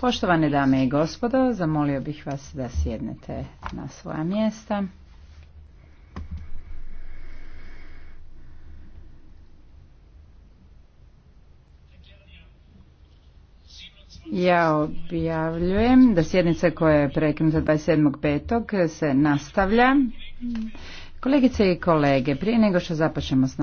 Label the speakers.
Speaker 1: Poštovane dame i gospodo, zamolio bih vas da sjednete na svoja mjesta. Ja objavljujem da sjednica koja je prekinuta 27.5. se nastavlja. Kolegice i kolege, prije nego što započnemo s